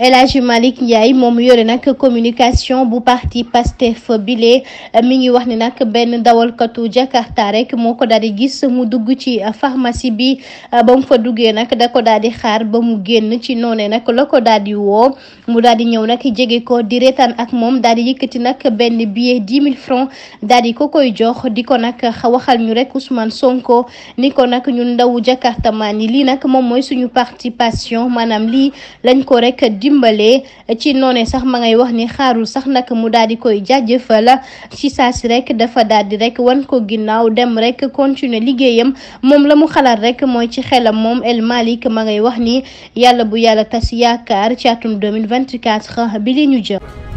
El Hadji Malick Ndiaye moom yore nag communication bu parti Pastef bile mi ngi wax ni nag benn dawalkatu Jakarta rek moo ko daal di gis mu dugg ci pharmacie bi ba mu fa duggee nag da ko daal di xaar ba mu génn ci noonee nag la ko daal di woo mu daal di ñëw nag jege ko di reetaan ak moom daal di yëkkati nag benn billet dix mille francs daal di ko koy jox di ko nag waxal ñu rek Ousmane Sonko ni ko nag ñun ndawu Jakarta maa ni lii nag moom mooy suñu participation maanaam lii dimbalee ci noone sax ma ngay wax ni xaarul sax nag mu daal di koy la ci saa si rek dafa daal di rek wan ko ginnaaw dem rek continuer liggéeyam moom la mu xalaat rek mooy ci xelam moom El Malick ma ngay wax ni yàlla bu yàlla tas yaakaar ci atum 2024 bi li ñu jëm